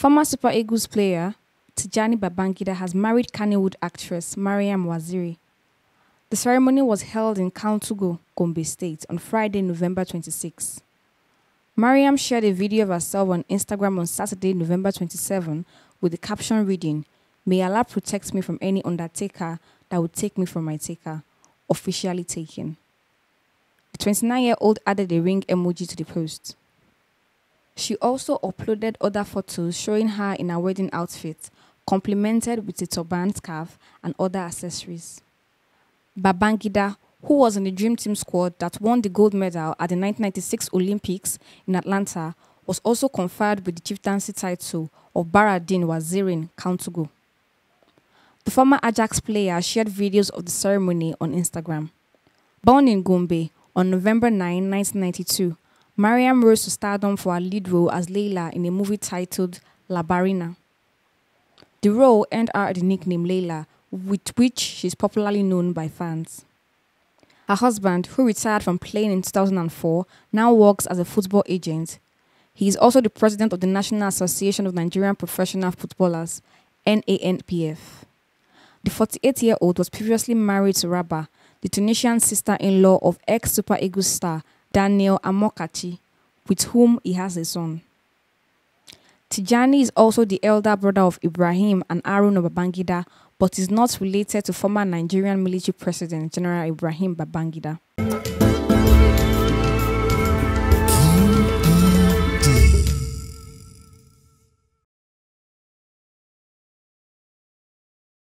Former Super Eagles player Tijani Babangida has married Kannywood actress Mariam Waziri. The ceremony was held in Kantugo, Gombe State on Friday, November 26. Mariam shared a video of herself on Instagram on Saturday, November 27, with the caption reading, May Allah protect me from any undertaker that would take me from my taker, officially taken. The 29 year old added a ring emoji to the post. She also uploaded other photos showing her in her wedding outfit, complemented with a turban scarf and other accessories. Babangida, who was in the Dream Team squad that won the gold medal at the 1996 Olympics in Atlanta, was also conferred with the chieftaincy title of Baradin Wazirin Kantugu. The former Ajax player shared videos of the ceremony on Instagram. Born in Gombe on November 9, 1992, Mariam rose to stardom for her lead role as Layla in a movie titled La Barina. The role earned her the nickname Layla, with which she is popularly known by fans. Her husband, who retired from playing in 2004, now works as a football agent. He is also the president of the National Association of Nigerian Professional Footballers, NANPF. The 48 year old was previously married to Rabah, the Tunisian sister in law of ex Super Eagles star Daniel Amokachi, with whom he has a son. Tijani is also the elder brother of Ibrahim and Arun Babangida, but is not related to former Nigerian military president General Ibrahim Babangida.